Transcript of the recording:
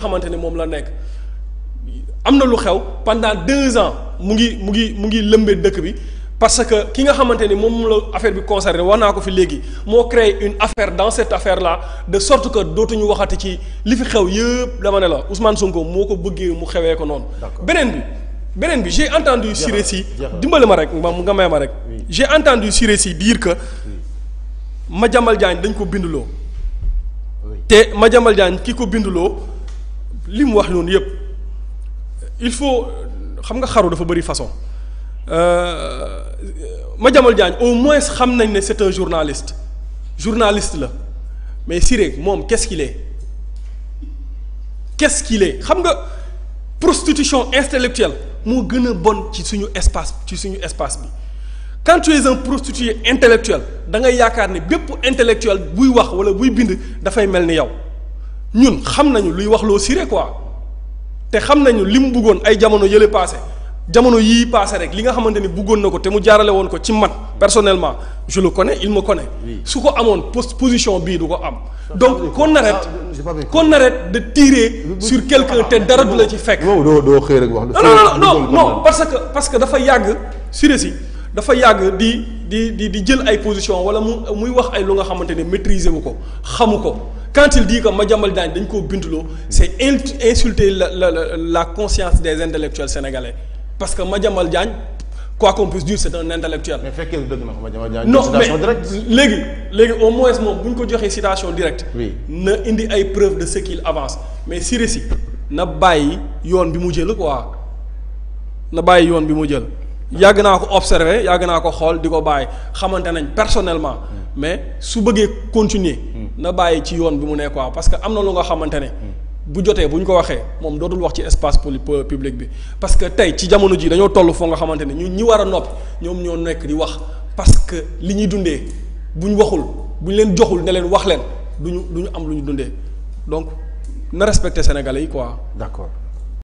xamantene mom la nek amna lu xew pendant deux ans mu ngi mu ngi mu ngi bi parce que ki nga xamantene mom la affaire bi concerner wana ko fi legui mo créé une affaire dans cette affaire là de sorte que dootuñu waxati ci li fi xew yeb dama ne la Ousmane Sonko moko ko mu xewé ko non benen bi benen bi j'ai entendu. Siré Sy rek nga may rek. j'ai entendu Siré dire que Madiambal Diagne dañ ko bindulo te Madiambal Diagne ki ko bindulo lim wax noonu yëpp il faut xam nga xaru dafa bëri façon euh, Madiambal Diagne au moins xam nañ ne c'est un journaliste journaliste la mais Siré moom qu'est-ce qu'il est qu'est-ce qu'il est xam nga prostitution intellectuelle moo gën a bon ci suñu espace ci suñu espace bi quand tu es un prostitué intellectuel da ngay yaakaar ne bépp intellectuel buy wax wala buy bind dafay mel ni yow ñun xam nañu luy wax loo siré quoi te xam nañu li bëggoon ay jamono yële passé jamono yii passé rek li nga xamante ni bëggoon na ko te mu jaarale woon ko ci man personnellement je le connais il me connaît su ko amoon position bii du ko am donc qu'on arrête ah, qu'on arrête de tirer sur quelqu'un te dara du la ci fekk non non non non parce que parce que dafa yàgg siré si dafa yàgg di di di di jël ay position wala mu muy wax ay lu nga xamante ne maîtriser wu ko xamu ko quand il dit que Madiambal Diagne dañ koo c'est insulter la la la conscience des intellectuels sénégalais parce que Madiambal Diagne quoi qu'on puisse dire c'est un intellectuel. mais fekkee dëgg na ko Madiambal Diagne. non mais Légui, légui, au moins si bu ñu ko joxee citation directe. oui na indi ay preuves de ce qu'il avance mais si récit, na bàyyi yoon bi mu jël quoi na bàyyi yoon bi mu jël. yàgg naa ko observer yàgg ko xool di ko bàyyi personnellement. Hmm. mais su voulez continuer na baye ci yoon bi mu ne quoi parce que amna lu nga xamantene bu joté buñ ko waxé mom dootul wax ci espace public bi parce que tay ci jamono ji dañoo toll fo nga xamantene ñu ñi wara noppi ñoo nekk di wax parce que li ñi dundé buñ waxul buñ leen joxul ne leen wax leen duñu duñu am luñu dundé donc na respecter sénégalais yi quoi. d'accord.